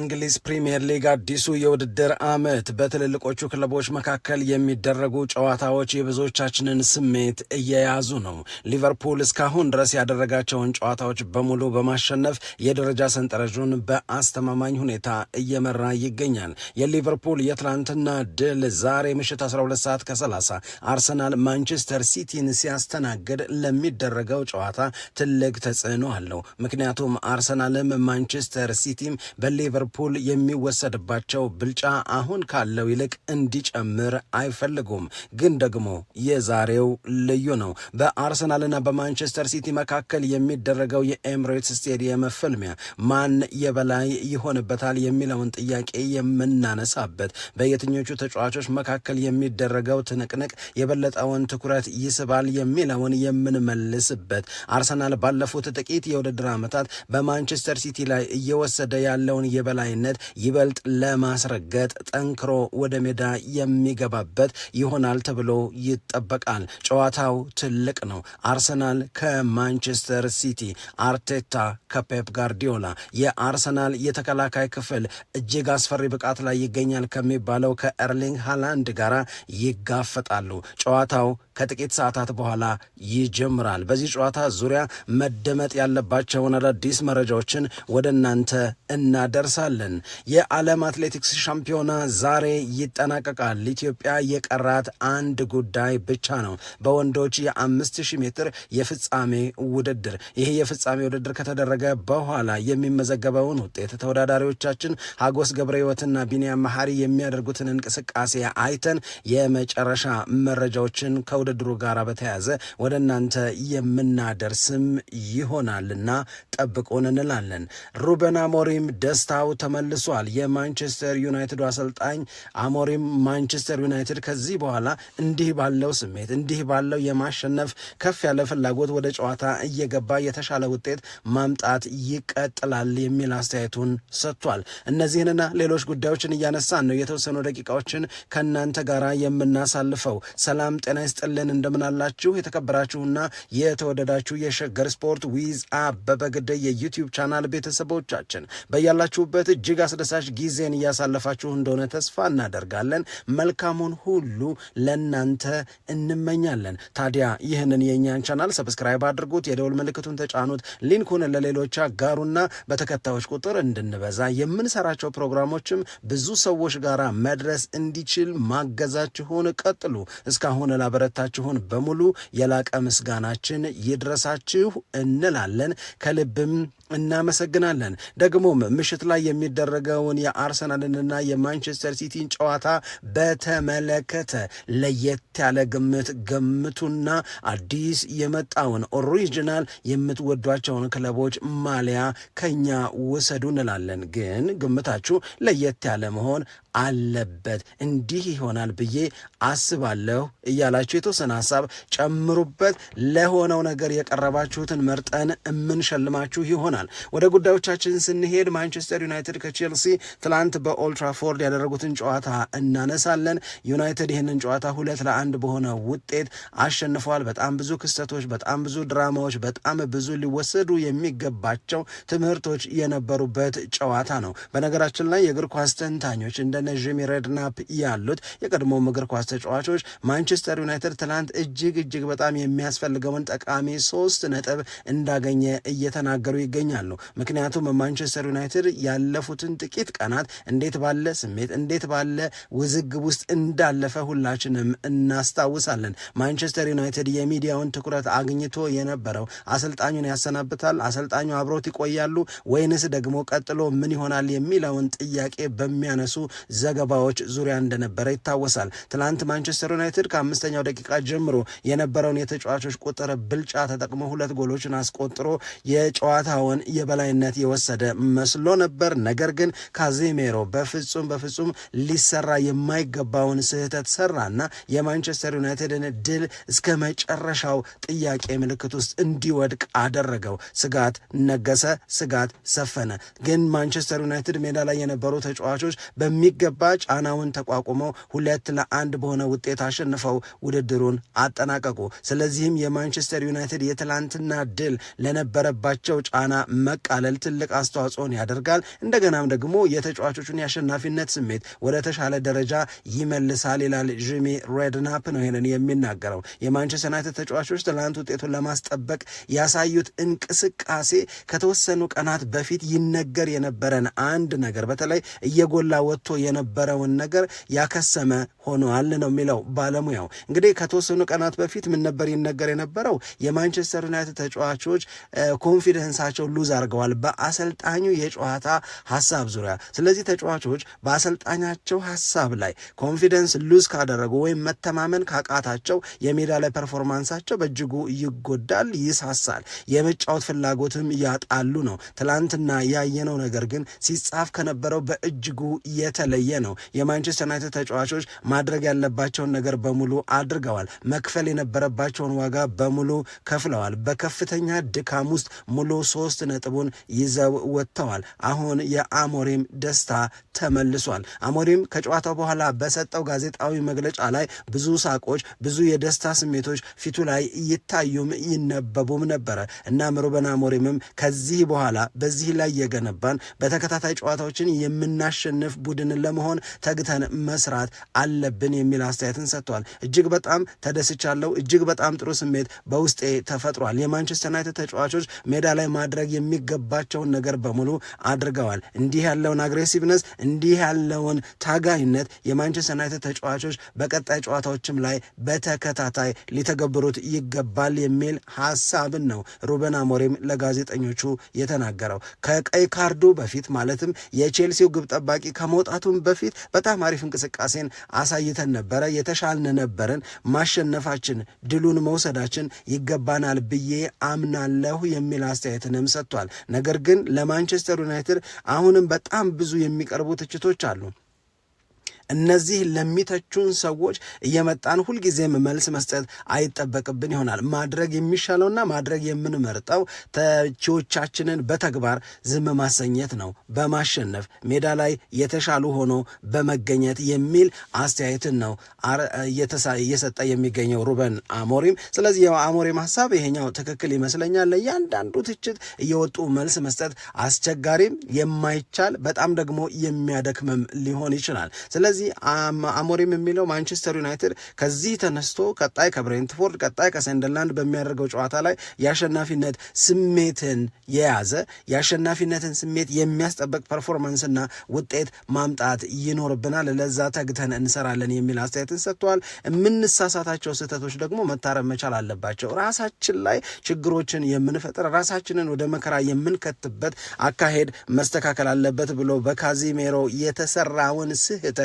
በእንግሊዝ ፕሪምየር ሊግ አዲሱ የውድድር ዓመት በትልልቆቹ ክለቦች መካከል የሚደረጉ ጨዋታዎች የብዙዎቻችንን ስሜት እየያዙ ነው። ሊቨርፑል እስካሁን ድረስ ያደረጋቸውን ጨዋታዎች በሙሉ በማሸነፍ የደረጃ ሰንጠረዡን በአስተማማኝ ሁኔታ እየመራ ይገኛል። የሊቨርፑል የትላንትና ድል ዛሬ ምሽት 12 ሰዓት ከ30 አርሰናል ማንቸስተር ሲቲን ሲያስተናግድ ለሚደረገው ጨዋታ ትልቅ ተጽዕኖ አለው። ምክንያቱም አርሰናልም ማንቸስተር ሲቲም በሊቨር ሊቨርፑል የሚወሰድባቸው ብልጫ አሁን ካለው ይልቅ እንዲጨምር አይፈልጉም። ግን ደግሞ የዛሬው ልዩ ነው። በአርሰናልና በማንቸስተር ሲቲ መካከል የሚደረገው የኤምሬትስ ስቴዲየም ፍልሚያ ማን የበላይ ይሆንበታል የሚለውን ጥያቄ የምናነሳበት፣ በየትኞቹ ተጫዋቾች መካከል የሚደረገው ትንቅንቅ የበለጠውን ትኩረት ይስባል የሚለውን የምንመልስበት፣ አርሰናል ባለፉት ጥቂት የውድድር ዓመታት በማንቸስተር ሲቲ ላይ እየወሰደ ያለውን የበላ የበላይነት ይበልጥ ለማስረገጥ ጠንክሮ ወደ ሜዳ የሚገባበት ይሆናል ተብሎ ይጠበቃል። ጨዋታው ትልቅ ነው። አርሰናል ከማንቸስተር ሲቲ፣ አርቴታ ከፔፕ ጋርዲዮላ። የአርሰናል የተከላካይ ክፍል እጅግ አስፈሪ ብቃት ላይ ይገኛል ከሚባለው ከኤርሊንግ ሃላንድ ጋር ይጋፈጣሉ። ጨዋታው ከጥቂት ሰዓታት በኋላ ይጀምራል። በዚህ ጨዋታ ዙሪያ መደመጥ ያለባቸውን አዳዲስ መረጃዎችን ወደ እናንተ እናደርሳለን። የዓለም አትሌቲክስ ሻምፒዮና ዛሬ ይጠናቀቃል። ኢትዮጵያ የቀራት አንድ ጉዳይ ብቻ ነው፣ በወንዶች የ ሺህ ሜትር የፍጻሜ ውድድር። ይህ የፍጻሜ ውድድር ከተደረገ በኋላ የሚመዘገበውን ውጤት ተወዳዳሪዎቻችን ሀጎስ ገብረ ሕይወትና ቢንያም መሐሪ የሚያደርጉትን እንቅስቃሴ አይተን የመጨረሻ መረጃዎችን ከ ውድድሩ ጋር በተያያዘ ወደ እናንተ የምናደርስም ይሆናልና ጠብቁን እንላለን። ሩበን አሞሪም ደስታው ተመልሷል። የማንቸስተር ዩናይትዱ አሰልጣኝ አሞሪም ማንቸስተር ዩናይትድ ከዚህ በኋላ እንዲህ ባለው ስሜት እንዲህ ባለው የማሸነፍ ከፍ ያለ ፍላጎት ወደ ጨዋታ እየገባ የተሻለ ውጤት ማምጣት ይቀጥላል የሚል አስተያየቱን ሰጥቷል። እነዚህንና ሌሎች ጉዳዮችን እያነሳን ነው የተወሰኑ ደቂቃዎችን ከእናንተ ጋር የምናሳልፈው። ሰላም ጤና ይስጥ ይስጥልን እንደምን አላችሁ የተከበራችሁና የተወደዳችሁ የሸገር ስፖርት ዊዝ አበበ ግደይ የዩቲዩብ ቻናል ቤተሰቦቻችን በያላችሁበት እጅግ አስደሳች ጊዜን እያሳለፋችሁ እንደሆነ ተስፋ እናደርጋለን። መልካሙን ሁሉ ለእናንተ እንመኛለን። ታዲያ ይህንን የእኛን ቻናል ሰብስክራይብ አድርጉት፣ የደውል ምልክቱን ተጫኑት፣ ሊንኩን ለሌሎች አጋሩና በተከታዮች ቁጥር እንድንበዛ የምንሰራቸው ፕሮግራሞችም ብዙ ሰዎች ጋር መድረስ እንዲችል ማገዛችሁን ቀጥሉ። እስካሁን ላበረታ ዝግጅታችሁን በሙሉ የላቀ ምስጋናችን ይድረሳችሁ እንላለን ከልብም እናመሰግናለን። ደግሞም ምሽት ላይ የሚደረገውን የአርሰናልንና የማንቸስተር ሲቲን ጨዋታ በተመለከተ ለየት ያለ ግምት ገምቱና አዲስ የመጣውን ኦሪጂናል የምትወዷቸውን ክለቦች ማሊያ ከኛ ውሰዱ እንላለን። ግን ግምታችሁ ለየት ያለ መሆን አለበት። እንዲህ ይሆናል ብዬ አስባለሁ እያላችሁ የተወሰነ ሀሳብ ጨምሩበት። ለሆነው ነገር የቀረባችሁትን መርጠን የምንሸልማችሁ ይሆናል። ይሆናል። ወደ ጉዳዮቻችን ስንሄድ ማንቸስተር ዩናይትድ ከቼልሲ ትላንት በኦልትራፎርድ ያደረጉትን ጨዋታ እናነሳለን። ዩናይትድ ይህንን ጨዋታ ሁለት ለአንድ በሆነ ውጤት አሸንፈዋል። በጣም ብዙ ክስተቶች፣ በጣም ብዙ ድራማዎች፣ በጣም ብዙ ሊወሰዱ የሚገባቸው ትምህርቶች የነበሩበት ጨዋታ ነው። በነገራችን ላይ የእግር ኳስ ተንታኞች እንደነ ጂሚ ሬድናፕ ያሉት የቀድሞም እግር ኳስ ተጫዋቾች ማንቸስተር ዩናይትድ ትላንት እጅግ እጅግ በጣም የሚያስፈልገውን ጠቃሚ ሶስት ነጥብ እንዳገኘ እየተናገሩ ይገኛል። ይገኛሉ። ምክንያቱም ማንቸስተር ዩናይትድ ያለፉትን ጥቂት ቀናት እንዴት ባለ ስሜት እንዴት ባለ ውዝግብ ውስጥ እንዳለፈ ሁላችንም እናስታውሳለን። ማንቸስተር ዩናይትድ የሚዲያውን ትኩረት አግኝቶ የነበረው አሰልጣኙን ያሰናብታል፣ አሰልጣኙ አብሮት ይቆያሉ ወይንስ ደግሞ ቀጥሎ ምን ይሆናል የሚለውን ጥያቄ በሚያነሱ ዘገባዎች ዙሪያ እንደነበረ ይታወሳል። ትናንት ማንቸስተር ዩናይትድ ከአምስተኛው ደቂቃ ጀምሮ የነበረውን የተጫዋቾች ቁጥር ብልጫ ተጠቅሞ ሁለት ጎሎችን አስቆጥሮ የጨዋታውን የሪያልን የበላይነት የወሰደ መስሎ ነበር። ነገር ግን ካዜሜሮ በፍጹም በፍጹም ሊሰራ የማይገባውን ስህተት ሰራና የማንቸስተር ዩናይትድን ድል እስከ መጨረሻው ጥያቄ ምልክት ውስጥ እንዲወድቅ አደረገው። ስጋት ነገሰ፣ ስጋት ሰፈነ። ግን ማንቸስተር ዩናይትድ ሜዳ ላይ የነበሩ ተጫዋቾች በሚገባ ጫናውን ተቋቁመው ሁለት ለአንድ በሆነ ውጤት አሸንፈው ውድድሩን አጠናቀቁ። ስለዚህም የማንቸስተር ዩናይትድ የትላንትና ድል ለነበረባቸው ጫና መቃለል ትልቅ አስተዋጽኦን ያደርጋል። እንደገናም ደግሞ የተጫዋቾቹን የአሸናፊነት ስሜት ወደ ተሻለ ደረጃ ይመልሳል ይላል ጂሚ ሬድናፕ ነው ይህንን የሚናገረው። የማንቸስተር ዩናይትድ ተጫዋቾች ትላንት ውጤቱን ለማስጠበቅ ያሳዩት እንቅስቃሴ ከተወሰኑ ቀናት በፊት ይነገር የነበረን አንድ ነገር በተለይ እየጎላ ወጥቶ የነበረውን ነገር ያከሰመ ሆኗል ነው የሚለው ባለሙያው። እንግዲህ ከተወሰኑ ቀናት በፊት ምን ነበር ይነገር የነበረው? የማንቸስተር ዩናይትድ ተጫዋቾች ኮንፊደንሳቸው ሉዝ አድርገዋል በአሰልጣኙ የጨዋታ ሀሳብ ዙሪያ። ስለዚህ ተጫዋቾች በአሰልጣኛቸው ሀሳብ ላይ ኮንፊደንስ ሉዝ ካደረጉ ወይም መተማመን ካቃታቸው የሜዳ ላይ ፐርፎርማንሳቸው በእጅጉ ይጎዳል፣ ይሳሳል፣ የመጫወት ፍላጎትም ያጣሉ ነው። ትላንትና ያየነው ነገር ግን ሲጻፍ ከነበረው በእጅጉ የተለየ ነው። የማንቸስተር ዩናይትድ ተጫዋቾች ማድረግ ያለባቸውን ነገር በሙሉ አድርገዋል። መክፈል የነበረባቸውን ዋጋ በሙሉ ከፍለዋል። በከፍተኛ ድካም ውስጥ ሙሉ ሶስት ሶስት ነጥቡን ይዘው ወጥተዋል። አሁን የአሞሪም ደስታ ተመልሷል። አሞሪም ከጨዋታው በኋላ በሰጠው ጋዜጣዊ መግለጫ ላይ ብዙ ሳቆች፣ ብዙ የደስታ ስሜቶች ፊቱ ላይ ይታዩም ይነበቡም ነበረ። እናም ሩበን አሞሪምም ከዚህ በኋላ በዚህ ላይ የገነባን በተከታታይ ጨዋታዎችን የምናሸንፍ ቡድንን ለመሆን ተግተን መስራት አለብን የሚል አስተያየትን ሰጥቷል። እጅግ በጣም ተደስቻለሁ። እጅግ በጣም ጥሩ ስሜት በውስጤ ተፈጥሯል። የማንቸስተር ዩናይትድ ተጫዋቾች ሜዳ ላይ ማድረግ ማድረግ የሚገባቸውን ነገር በሙሉ አድርገዋል። እንዲህ ያለውን አግሬሲቭነስ፣ እንዲህ ያለውን ታጋይነት የማንቸስተር ዩናይትድ ተጫዋቾች በቀጣይ ጨዋታዎችም ላይ በተከታታይ ሊተገብሩት ይገባል የሚል ሀሳብን ነው ሩበን አሞሪም ለጋዜጠኞቹ የተናገረው። ከቀይ ካርዱ በፊት ማለትም የቼልሲው ግብ ጠባቂ ከመውጣቱም በፊት በጣም አሪፍ እንቅስቃሴን አሳይተን ነበረ። የተሻልን ነበርን። ማሸነፋችን፣ ድሉን መውሰዳችን ይገባናል ብዬ አምናለሁ የሚል አስተያየትንም ሰ ሰጥቷል። ነገር ግን ለማንቸስተር ዩናይትድ አሁንም በጣም ብዙ የሚቀርቡ ትችቶች አሉ። እነዚህ ለሚተቹን ሰዎች እየመጣን ሁልጊዜም መልስ መስጠት አይጠበቅብን ይሆናል። ማድረግ የሚሻለውና ማድረግ የምንመርጠው ተቺዎቻችንን በተግባር ዝም ማሰኘት ነው። በማሸነፍ ሜዳ ላይ የተሻሉ ሆኖ በመገኘት የሚል አስተያየትን ነው እየሰጠ የሚገኘው ሩበን አሞሪም። ስለዚህ የአሞሪም ሀሳብ ይሄኛው ትክክል ይመስለኛል። ለእያንዳንዱ ትችት እየወጡ መልስ መስጠት አስቸጋሪም የማይቻል በጣም ደግሞ የሚያደክምም ሊሆን ይችላል። ስለዚህ ስለዚህ አሞሪም የሚለው ማንቸስተር ዩናይትድ ከዚህ ተነስቶ ቀጣይ ከብሬንትፎርድ ቀጣይ ከሰንደርላንድ በሚያደርገው ጨዋታ ላይ የአሸናፊነት ስሜትን የያዘ የአሸናፊነትን ስሜት የሚያስጠበቅ ፐርፎርማንስና ውጤት ማምጣት ይኖርብናል፣ ለዛ ተግተን እንሰራለን የሚል አስተያየትን ሰጥተዋል። የምንሳሳታቸው ስህተቶች ደግሞ መታረም መቻል አለባቸው። ራሳችን ላይ ችግሮችን የምንፈጥር ራሳችንን ወደ መከራ የምንከትበት አካሄድ መስተካከል አለበት ብሎ በካዚሜሮ የተሰራውን ስህተት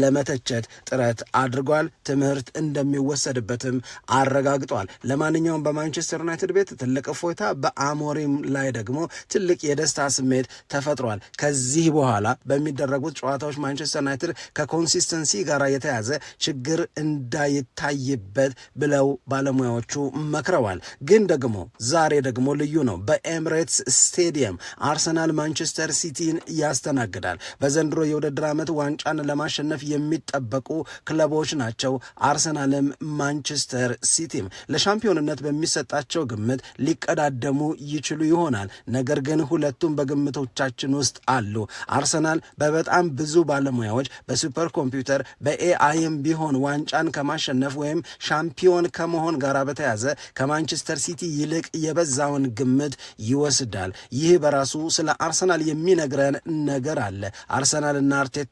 ለመተቸት ጥረት አድርጓል። ትምህርት እንደሚወሰድበትም አረጋግጧል። ለማንኛውም በማንቸስተር ዩናይትድ ቤት ትልቅ እፎይታ፣ በአሞሪም ላይ ደግሞ ትልቅ የደስታ ስሜት ተፈጥሯል። ከዚህ በኋላ በሚደረጉት ጨዋታዎች ማንቸስተር ዩናይትድ ከኮንሲስተንሲ ጋር የተያዘ ችግር እንዳይታይበት ብለው ባለሙያዎቹ መክረዋል። ግን ደግሞ ዛሬ ደግሞ ልዩ ነው። በኤምሬትስ ስቴዲየም አርሰናል ማንቸስተር ሲቲን ያስተናግዳል። በዘንድሮ የውድድር ዓመት ዋንጫን ለማሸነፍ ማሸነፍ የሚጠበቁ ክለቦች ናቸው። አርሰናልም ማንቸስተር ሲቲም ለሻምፒዮንነት በሚሰጣቸው ግምት ሊቀዳደሙ ይችሉ ይሆናል። ነገር ግን ሁለቱም በግምቶቻችን ውስጥ አሉ። አርሰናል በበጣም ብዙ ባለሙያዎች በሱፐር ኮምፒውተር በኤአይም ቢሆን ዋንጫን ከማሸነፍ ወይም ሻምፒዮን ከመሆን ጋር በተያዘ ከማንቸስተር ሲቲ ይልቅ የበዛውን ግምት ይወስዳል። ይህ በራሱ ስለ አርሰናል የሚነግረን ነገር አለ። አርሰናልና አርቴታ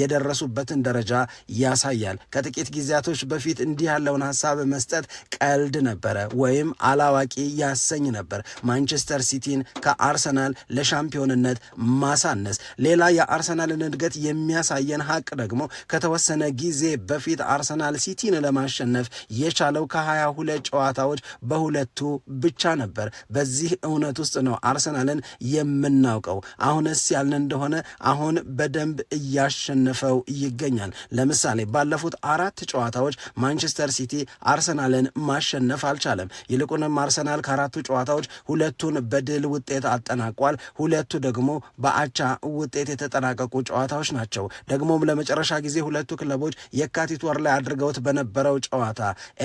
የደረሱበት የደረሰበትን ደረጃ ያሳያል። ከጥቂት ጊዜያቶች በፊት እንዲህ ያለውን ሀሳብ መስጠት ቀልድ ነበረ ወይም አላዋቂ ያሰኝ ነበር። ማንቸስተር ሲቲን ከአርሰናል ለሻምፒዮንነት ማሳነስ። ሌላ የአርሰናልን እድገት የሚያሳየን ሀቅ ደግሞ ከተወሰነ ጊዜ በፊት አርሰናል ሲቲን ለማሸነፍ የቻለው ከሀያ ሁለት ጨዋታዎች በሁለቱ ብቻ ነበር። በዚህ እውነት ውስጥ ነው አርሰናልን የምናውቀው። አሁንስ ያልን እንደሆነ አሁን በደንብ እያሸነፈው ይገኛል። ለምሳሌ ባለፉት አራት ጨዋታዎች ማንቸስተር ሲቲ አርሰናልን ማሸነፍ አልቻለም። ይልቁንም አርሰናል ከአራቱ ጨዋታዎች ሁለቱን በድል ውጤት አጠናቋል። ሁለቱ ደግሞ በአቻ ውጤት የተጠናቀቁ ጨዋታዎች ናቸው። ደግሞም ለመጨረሻ ጊዜ ሁለቱ ክለቦች የካቲት ወር ላይ አድርገውት በነበረው ጨዋታ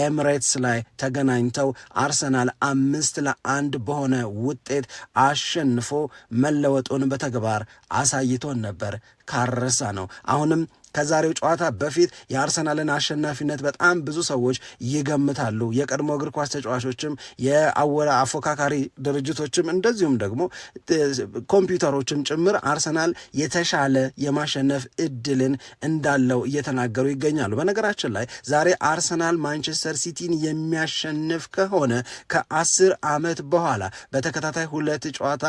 ኤምሬትስ ላይ ተገናኝተው አርሰናል አምስት ለአንድ በሆነ ውጤት አሸንፎ መለወጡን በተግባር አሳይቶን ነበር። ካረሳ ነው አሁንም ከዛሬው ጨዋታ በፊት የአርሰናልን አሸናፊነት በጣም ብዙ ሰዎች ይገምታሉ። የቀድሞ እግር ኳስ ተጫዋቾችም የአወራ አፎካካሪ ድርጅቶችም እንደዚሁም ደግሞ ኮምፒውተሮችም ጭምር አርሰናል የተሻለ የማሸነፍ እድልን እንዳለው እየተናገሩ ይገኛሉ። በነገራችን ላይ ዛሬ አርሰናል ማንቸስተር ሲቲን የሚያሸንፍ ከሆነ ከአስር ዓመት በኋላ በተከታታይ ሁለት ጨዋታ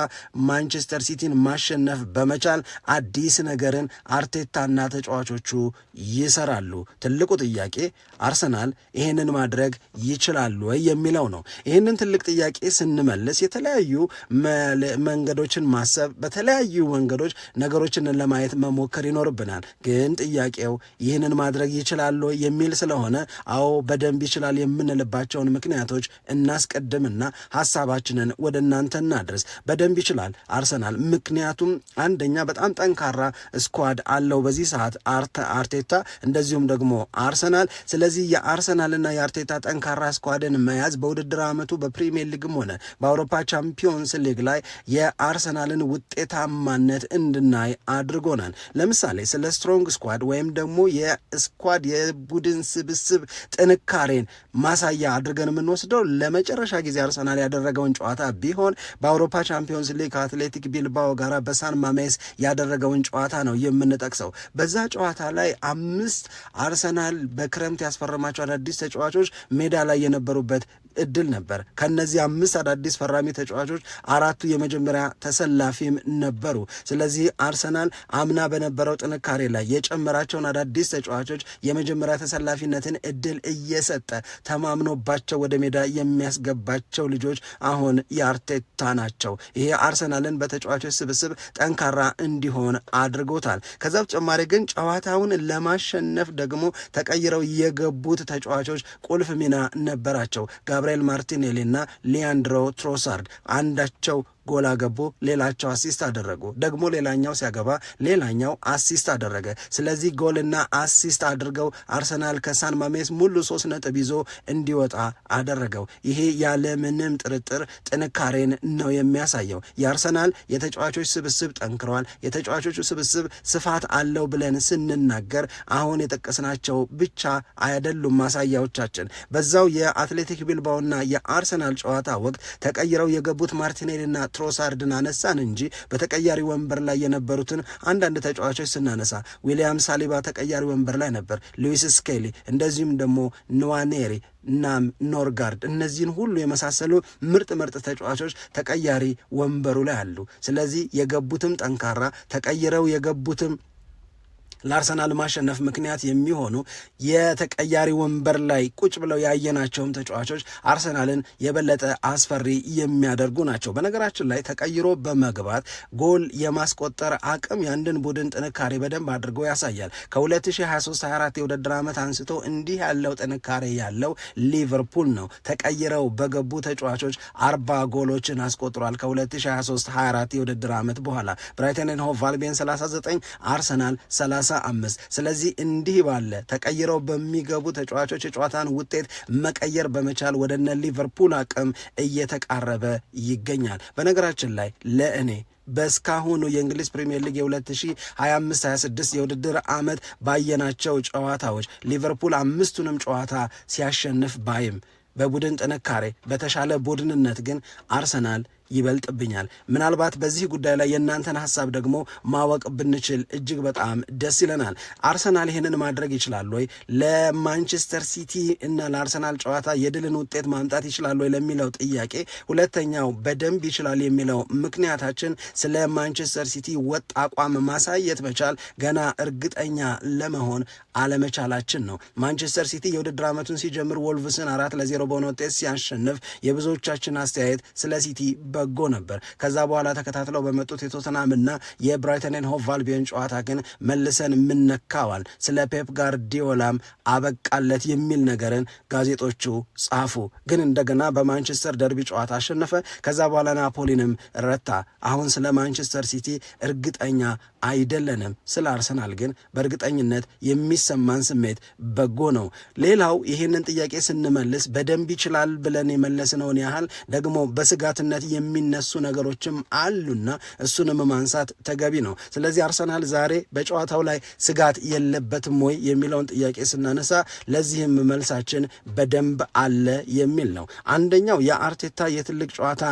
ማንቸስተር ሲቲን ማሸነፍ በመቻል አዲስ ነገርን አርቴታና ተጫዋቾች ተጫዋቾቹ ይሰራሉ? ትልቁ ጥያቄ አርሰናል ይህንን ማድረግ ይችላል ወይ የሚለው ነው። ይህንን ትልቅ ጥያቄ ስንመልስ የተለያዩ መንገዶችን ማሰብ፣ በተለያዩ መንገዶች ነገሮችን ለማየት መሞከር ይኖርብናል። ግን ጥያቄው ይህንን ማድረግ ይችላል ወይ የሚል ስለሆነ አዎ በደንብ ይችላል የምንልባቸውን ምክንያቶች እናስቀድምና ሀሳባችንን ወደ እናንተ እናድረስ። በደንብ ይችላል አርሰናል ምክንያቱም አንደኛ በጣም ጠንካራ ስኳድ አለው በዚህ ሰዓት አርቴታ እንደዚሁም ደግሞ አርሰናል። ስለዚህ የአርሰናልና የአርቴታ ጠንካራ ስኳድን መያዝ በውድድር ዓመቱ በፕሪሚየር ሊግም ሆነ በአውሮፓ ቻምፒዮንስ ሊግ ላይ የአርሰናልን ውጤታማነት እንድናይ አድርጎናል። ለምሳሌ ስለ ስትሮንግ ስኳድ ወይም ደግሞ የስኳድ የቡድን ስብስብ ጥንካሬን ማሳያ አድርገን የምንወስደው ለመጨረሻ ጊዜ አርሰናል ያደረገውን ጨዋታ ቢሆን በአውሮፓ ቻምፒዮንስ ሊግ ከአትሌቲክ ቢልባኦ ጋር በሳን ማሜስ ያደረገውን ጨዋታ ነው የምንጠቅሰው። በዛ ጨዋታ ጨዋታ ላይ አምስት አርሰናል በክረምት ያስፈረማቸው አዳዲስ ተጫዋቾች ሜዳ ላይ የነበሩበት እድል ነበር። ከነዚህ አምስት አዳዲስ ፈራሚ ተጫዋቾች አራቱ የመጀመሪያ ተሰላፊም ነበሩ። ስለዚህ አርሰናል አምና በነበረው ጥንካሬ ላይ የጨመራቸውን አዳዲስ ተጫዋቾች የመጀመሪያ ተሰላፊነትን እድል እየሰጠ ተማምኖባቸው ወደ ሜዳ የሚያስገባቸው ልጆች አሁን የአርቴታ ናቸው። ይሄ አርሰናልን በተጫዋቾች ስብስብ ጠንካራ እንዲሆን አድርጎታል። ከዛ በተጨማሪ ግን ጨዋ ጨዋታውን ለማሸነፍ ደግሞ ተቀይረው የገቡት ተጫዋቾች ቁልፍ ሚና ነበራቸው። ጋብርኤል ማርቲኔሊ እና ሊያንድሮ ትሮሳርድ አንዳቸው ጎል አገቡ፣ ሌላቸው አሲስት አደረጉ። ደግሞ ሌላኛው ሲያገባ ሌላኛው አሲስት አደረገ። ስለዚህ ጎልና አሲስት አድርገው አርሰናል ከሳን ማሜስ ሙሉ ሶስት ነጥብ ይዞ እንዲወጣ አደረገው። ይሄ ያለምንም ጥርጥር ጥንካሬን ነው የሚያሳየው። የአርሰናል የተጫዋቾች ስብስብ ጠንክረዋል። የተጫዋቾቹ ስብስብ ስፋት አለው ብለን ስንናገር አሁን የጠቀስናቸው ብቻ አይደሉም ማሳያዎቻችን። በዛው የአትሌቲክ ቢልባውና የአርሰናል ጨዋታ ወቅት ተቀይረው የገቡት ማርቲኔልና ትሮሳርድን አነሳን እንጂ በተቀያሪ ወንበር ላይ የነበሩትን አንዳንድ ተጫዋቾች ስናነሳ ዊሊያም ሳሊባ ተቀያሪ ወንበር ላይ ነበር፣ ሉዊስ ስኬሊ እንደዚሁም ደግሞ ንዋኔሪ ናም ኖርጋርድ እነዚህን ሁሉ የመሳሰሉ ምርጥ ምርጥ ተጫዋቾች ተቀያሪ ወንበሩ ላይ አሉ። ስለዚህ የገቡትም ጠንካራ ተቀይረው የገቡትም ለአርሰናል ማሸነፍ ምክንያት የሚሆኑ የተቀያሪ ወንበር ላይ ቁጭ ብለው ያየናቸውም ተጫዋቾች አርሰናልን የበለጠ አስፈሪ የሚያደርጉ ናቸው። በነገራችን ላይ ተቀይሮ በመግባት ጎል የማስቆጠር አቅም የአንድን ቡድን ጥንካሬ በደንብ አድርገው ያሳያል። ከ2023/24 የውድድር ዓመት አንስቶ እንዲህ ያለው ጥንካሬ ያለው ሊቨርፑል ነው። ተቀይረው በገቡ ተጫዋቾች አርባ ጎሎችን አስቆጥሯል። ከ2023/24 የውድድር ዓመት በኋላ ብራይተንን ሆቭ አልቢዮን 39 አርሰናል 30 65 ስለዚህ እንዲህ ባለ ተቀይረው በሚገቡ ተጫዋቾች የጨዋታን ውጤት መቀየር በመቻል ወደነ ሊቨርፑል አቅም እየተቃረበ ይገኛል። በነገራችን ላይ ለእኔ በእስካሁኑ የእንግሊዝ ፕሪምየር ሊግ የ2025/26 የውድድር ዓመት ባየናቸው ጨዋታዎች ሊቨርፑል አምስቱንም ጨዋታ ሲያሸንፍ ባይም በቡድን ጥንካሬ በተሻለ ቡድንነት ግን አርሰናል ይበልጥብኛል። ምናልባት በዚህ ጉዳይ ላይ የእናንተን ሀሳብ ደግሞ ማወቅ ብንችል እጅግ በጣም ደስ ይለናል። አርሰናል ይህንን ማድረግ ይችላል ወይ? ለማንቸስተር ሲቲ እና ለአርሰናል ጨዋታ የድልን ውጤት ማምጣት ይችላል ወይ ለሚለው ጥያቄ ሁለተኛው በደንብ ይችላል የሚለው ምክንያታችን ስለ ማንቸስተር ሲቲ ወጥ አቋም ማሳየት መቻል ገና እርግጠኛ ለመሆን አለመቻላችን ነው። ማንቸስተር ሲቲ የውድድር ዓመቱን ሲጀምር ወልቭስን አራት ለዜሮ በሆነ ውጤት ሲያሸንፍ የብዙዎቻችን አስተያየት ስለ ሲቲ በጎ ነበር። ከዛ በኋላ ተከታትለው በመጡት የቶተናምና የብራይተንን ሆቭ አልቢዮን ጨዋታ ግን መልሰን የምነካዋል። ስለ ፔፕ ጋርዲዮላም አበቃለት የሚል ነገርን ጋዜጦቹ ጻፉ። ግን እንደገና በማንቸስተር ደርቢ ጨዋታ አሸነፈ። ከዛ በኋላ ናፖሊንም ረታ። አሁን ስለ ማንቸስተር ሲቲ እርግጠኛ አይደለንም። ስለ አርሰናል ግን በእርግጠኝነት የሚሰማን ስሜት በጎ ነው። ሌላው ይህንን ጥያቄ ስንመልስ በደንብ ይችላል ብለን የመለስነውን ያህል ደግሞ በስጋትነት የሚ የሚነሱ ነገሮችም አሉና እሱንም ማንሳት ተገቢ ነው። ስለዚህ አርሰናል ዛሬ በጨዋታው ላይ ስጋት የለበትም ወይ የሚለውን ጥያቄ ስናነሳ ለዚህም መልሳችን በደንብ አለ የሚል ነው። አንደኛው የአርቴታ የትልቅ ጨዋታ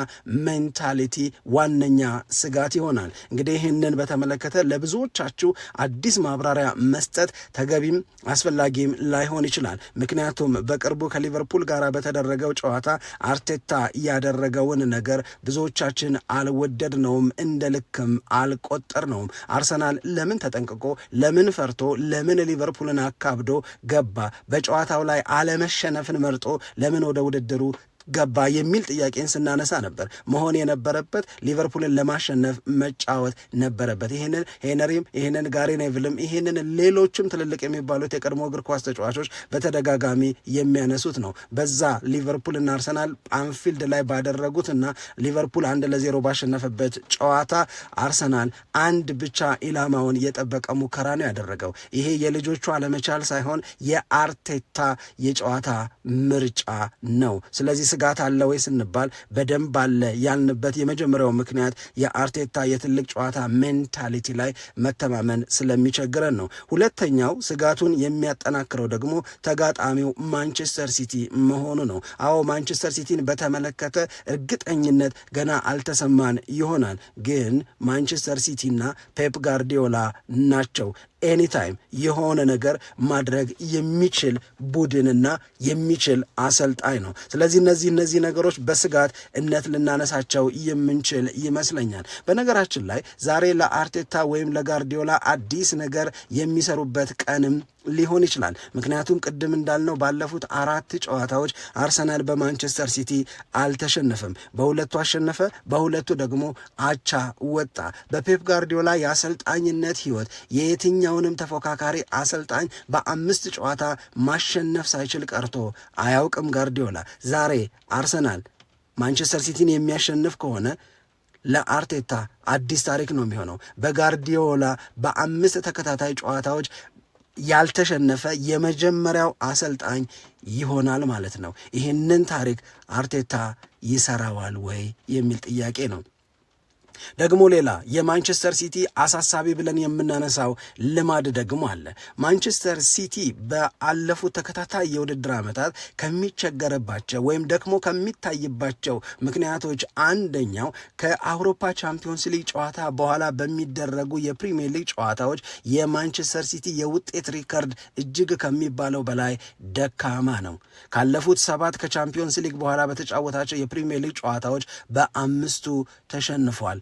ሜንታሊቲ ዋነኛ ስጋት ይሆናል። እንግዲህ ይህንን በተመለከተ ለብዙዎቻችሁ አዲስ ማብራሪያ መስጠት ተገቢም አስፈላጊም ላይሆን ይችላል። ምክንያቱም በቅርቡ ከሊቨርፑል ጋር በተደረገው ጨዋታ አርቴታ ያደረገውን ነገር ብዙዎቻችን አልወደድነውም፣ እንደ ልክም አልቆጠርነውም። አርሰናል ለምን ተጠንቅቆ ለምን ፈርቶ ለምን ሊቨርፑልን አካብዶ ገባ? በጨዋታው ላይ አለመሸነፍን መርጦ ለምን ወደ ውድድሩ ገባ የሚል ጥያቄን ስናነሳ ነበር። መሆን የነበረበት ሊቨርፑልን ለማሸነፍ መጫወት ነበረበት። ይህንን ሄነሪም ይህንን ጋሪ ይህንን ሌሎችም ትልልቅ የሚባሉት የቀድሞ እግር ኳስ ተጫዋቾች በተደጋጋሚ የሚያነሱት ነው። በዛ ሊቨርፑልና አርሰናል አንፊልድ ላይ ባደረጉት እና ሊቨርፑል አንድ ለዜሮ ባሸነፈበት ጨዋታ አርሰናል አንድ ብቻ ኢላማውን የጠበቀ ሙከራ ነው ያደረገው። ይሄ የልጆቹ አለመቻል ሳይሆን የአርቴታ የጨዋታ ምርጫ ነው። ስለዚህ ስጋት አለ ወይ ስንባል በደንብ አለ ያልንበት የመጀመሪያው ምክንያት የአርቴታ የትልቅ ጨዋታ ሜንታሊቲ ላይ መተማመን ስለሚቸግረን ነው። ሁለተኛው ስጋቱን የሚያጠናክረው ደግሞ ተጋጣሚው ማንቸስተር ሲቲ መሆኑ ነው። አዎ ማንቸስተር ሲቲን በተመለከተ እርግጠኝነት ገና አልተሰማን ይሆናል፣ ግን ማንቸስተር ሲቲና ፔፕ ጋርዲዮላ ናቸው ኤኒታይም የሆነ ነገር ማድረግ የሚችል ቡድንና የሚችል አሰልጣኝ ነው። ስለዚህ እነዚህ እነዚህ ነገሮች በስጋት እነት ልናነሳቸው የምንችል ይመስለኛል። በነገራችን ላይ ዛሬ ለአርቴታ ወይም ለጋርዲዮላ አዲስ ነገር የሚሰሩበት ቀንም ሊሆን ይችላል። ምክንያቱም ቅድም እንዳልነው ባለፉት አራት ጨዋታዎች አርሰናል በማንቸስተር ሲቲ አልተሸነፈም። በሁለቱ አሸነፈ፣ በሁለቱ ደግሞ አቻ ወጣ። በፔፕ ጋርዲዮላ የአሰልጣኝነት ህይወት የየትኛውንም ተፎካካሪ አሰልጣኝ በአምስት ጨዋታ ማሸነፍ ሳይችል ቀርቶ አያውቅም ጋርዲዮላ። ዛሬ አርሰናል ማንቸስተር ሲቲን የሚያሸንፍ ከሆነ ለአርቴታ አዲስ ታሪክ ነው የሚሆነው። በጋርዲዮላ በአምስት ተከታታይ ጨዋታዎች ያልተሸነፈ የመጀመሪያው አሰልጣኝ ይሆናል ማለት ነው። ይህንን ታሪክ አርቴታ ይሰራዋል ወይ የሚል ጥያቄ ነው። ደግሞ ሌላ የማንቸስተር ሲቲ አሳሳቢ ብለን የምናነሳው ልማድ ደግሞ አለ። ማንቸስተር ሲቲ በአለፉት ተከታታይ የውድድር ዓመታት ከሚቸገርባቸው ወይም ደግሞ ከሚታይባቸው ምክንያቶች አንደኛው ከአውሮፓ ቻምፒዮንስ ሊግ ጨዋታ በኋላ በሚደረጉ የፕሪሚየር ሊግ ጨዋታዎች የማንቸስተር ሲቲ የውጤት ሪከርድ እጅግ ከሚባለው በላይ ደካማ ነው። ካለፉት ሰባት ከቻምፒዮንስ ሊግ በኋላ በተጫወታቸው የፕሪሚየር ሊግ ጨዋታዎች በአምስቱ ተሸንፏል።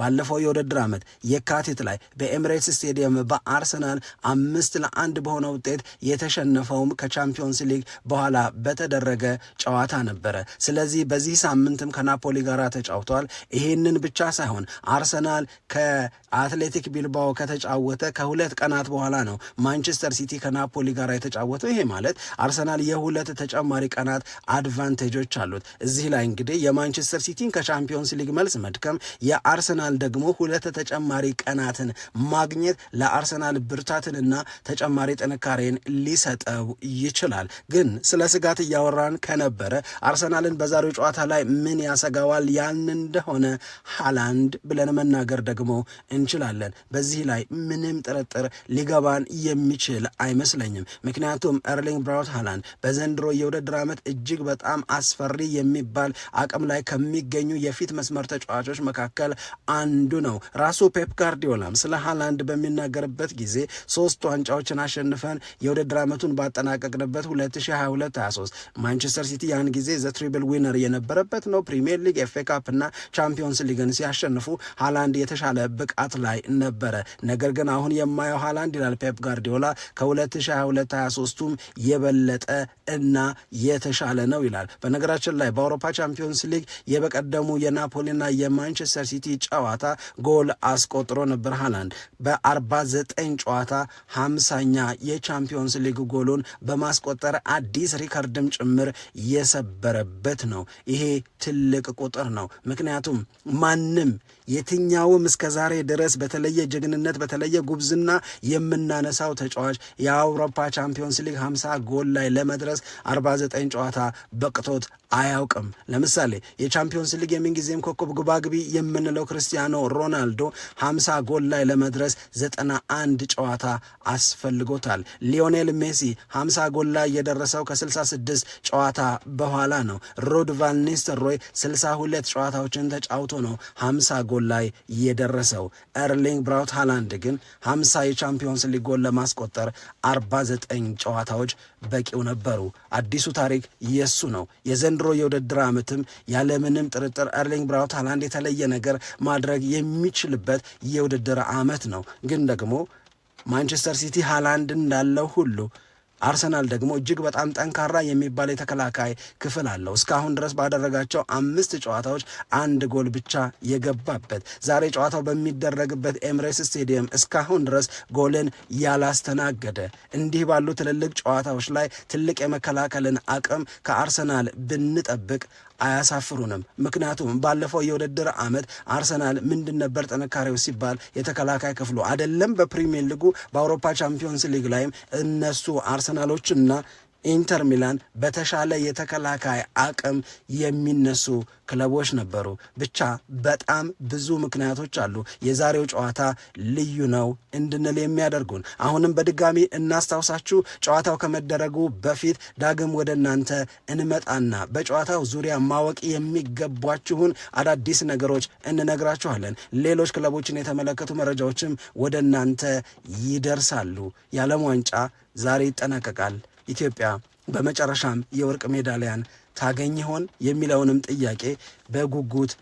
ባለፈው የውድድር ዓመት የካቲት ላይ በኤምሬትስ ስቴዲየም በአርሰናል አምስት ለአንድ በሆነ ውጤት የተሸነፈውም ከቻምፒዮንስ ሊግ በኋላ በተደረገ ጨዋታ ነበረ። ስለዚህ በዚህ ሳምንትም ከናፖሊ ጋር ተጫውቷል። ይሄንን ብቻ ሳይሆን አርሰናል ከአትሌቲክ ቢልባኦ ከተጫወተ ከሁለት ቀናት በኋላ ነው ማንቸስተር ሲቲ ከናፖሊ ጋር የተጫወተው። ይሄ ማለት አርሰናል የሁለት ተጨማሪ ቀናት አድቫንቴጆች አሉት። እዚህ ላይ እንግዲህ የማንቸስተር ሲቲን ከቻምፒዮንስ ሊግ መልስ መድከም የአርሰናል አርሰናል ደግሞ ሁለት ተጨማሪ ቀናትን ማግኘት ለአርሰናል ብርታትንና ተጨማሪ ጥንካሬን ሊሰጠው ይችላል። ግን ስለ ስጋት እያወራን ከነበረ አርሰናልን በዛሬው ጨዋታ ላይ ምን ያሰጋዋል ያን እንደሆነ ሃላንድ ብለን መናገር ደግሞ እንችላለን። በዚህ ላይ ምንም ጥርጥር ሊገባን የሚችል አይመስለኝም። ምክንያቱም ኤርሊንግ ብራውት ሃላንድ በዘንድሮ የውድድር ዓመት እጅግ በጣም አስፈሪ የሚባል አቅም ላይ ከሚገኙ የፊት መስመር ተጫዋቾች መካከል አንዱ ነው። ራሱ ፔፕ ጋርዲዮላም ስለ ሃላንድ በሚናገርበት ጊዜ ሶስት ዋንጫዎችን አሸንፈን የውድድር ዓመቱን ባጠናቀቅንበት 2022/23 ማንቸስተር ሲቲ ያን ጊዜ ዘ ትሪብል ዊነር የነበረበት ነው። ፕሪሚየር ሊግ፣ ኤፍ ኤ ካፕ እና ቻምፒዮንስ ሊግን ሲያሸንፉ ሃላንድ የተሻለ ብቃት ላይ ነበረ። ነገር ግን አሁን የማየው ሃላንድ ይላል ፔፕ ጋርዲዮላ ከ2022/23ቱም የበለጠ እና የተሻለ ነው ይላል። በነገራችን ላይ በአውሮፓ ቻምፒዮንስ ሊግ የበቀደሙ የናፖሊና የማንቸስተር ሲቲ ጫ ጨዋታ ጎል አስቆጥሮ ነበር። ሃላንድ በ49 ጨዋታ ሃምሳኛ የቻምፒዮንስ ሊግ ጎሉን በማስቆጠር አዲስ ሪከርድም ጭምር የሰበረበት ነው። ይሄ ትልቅ ቁጥር ነው። ምክንያቱም ማንም የትኛውም እስከ ዛሬ ድረስ በተለየ ጀግንነት፣ በተለየ ጉብዝና የምናነሳው ተጫዋች የአውሮፓ ቻምፒዮንስ ሊግ 50 ጎል ላይ ለመድረስ 49 ጨዋታ በቅቶት አያውቅም። ለምሳሌ የቻምፒዮንስ ሊግ የምንጊዜም ኮከብ ግባግቢ የምንለው ክርስቲ ክርስቲያኖ ሮናልዶ 50 ጎል ላይ ለመድረስ 91 ጨዋታ አስፈልጎታል። ሊዮኔል ሜሲ 50 ጎል ላይ የደረሰው ከ66 ጨዋታ በኋላ ነው። ሩድ ቫን ኒስተልሮይ 62 ጨዋታዎችን ተጫውቶ ነው 50 ጎል ላይ የደረሰው። ኤርሊንግ ብራውት ሃላንድ ግን 50 የቻምፒዮንስ ሊግ ጎል ለማስቆጠር 49 ጨዋታዎች በቂው ነበሩ። አዲሱ ታሪክ የሱ ነው። የዘንድሮ የውድድር ዓመትም ያለምንም ጥርጥር ኤርሊንግ ብራውት ሃላንድ የተለየ ነገር ማድረግ ማድረግ የሚችልበት የውድድር ዓመት ነው። ግን ደግሞ ማንቸስተር ሲቲ ሃላንድ እንዳለው ሁሉ አርሰናል ደግሞ እጅግ በጣም ጠንካራ የሚባል የተከላካይ ክፍል አለው። እስካሁን ድረስ ባደረጋቸው አምስት ጨዋታዎች አንድ ጎል ብቻ የገባበት ዛሬ ጨዋታው በሚደረግበት ኤምሬስ ስቴዲየም እስካሁን ድረስ ጎልን ያላስተናገደ እንዲህ ባሉ ትልልቅ ጨዋታዎች ላይ ትልቅ የመከላከልን አቅም ከአርሰናል ብንጠብቅ አያሳፍሩንም። ምክንያቱም ባለፈው የውድድር ዓመት አርሰናል ምንድን ነበር ጥንካሬው ሲባል የተከላካይ ክፍሉ አይደለም። በፕሪሚየር ሊጉ በአውሮፓ ቻምፒዮንስ ሊግ ላይም እነሱ አርሰናሎችና ኢንተር ሚላን በተሻለ የተከላካይ አቅም የሚነሱ ክለቦች ነበሩ። ብቻ በጣም ብዙ ምክንያቶች አሉ የዛሬው ጨዋታ ልዩ ነው እንድንል የሚያደርጉን። አሁንም በድጋሚ እናስታውሳችሁ፣ ጨዋታው ከመደረጉ በፊት ዳግም ወደ እናንተ እንመጣና በጨዋታው ዙሪያ ማወቅ የሚገቧችሁን አዳዲስ ነገሮች እንነግራችኋለን። ሌሎች ክለቦችን የተመለከቱ መረጃዎችም ወደ እናንተ ይደርሳሉ። የዓለም ዋንጫ ዛሬ ይጠናቀቃል። ኢትዮጵያ በመጨረሻም የወርቅ ሜዳሊያን ታገኝ ይሆን የሚለውንም ጥያቄ በጉጉት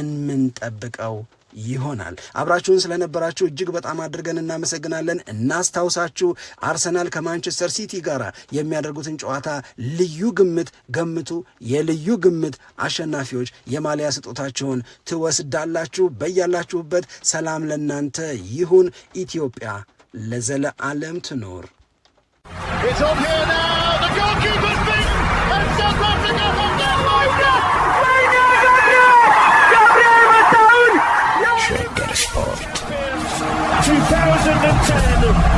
እንምንጠብቀው ይሆናል። አብራችሁን ስለነበራችሁ እጅግ በጣም አድርገን እናመሰግናለን። እናስታውሳችሁ አርሰናል ከማንቸስተር ሲቲ ጋር የሚያደርጉትን ጨዋታ ልዩ ግምት ገምቱ። የልዩ ግምት አሸናፊዎች የማሊያ ስጦታችሁን ትወስዳላችሁ። በያላችሁበት ሰላም ለእናንተ ይሁን። ኢትዮጵያ ለዘለዓለም ትኖር። It's on here now. The goalkeeper's beaten, and South Africa have got Gabriel Gabriel Gabriel 2010.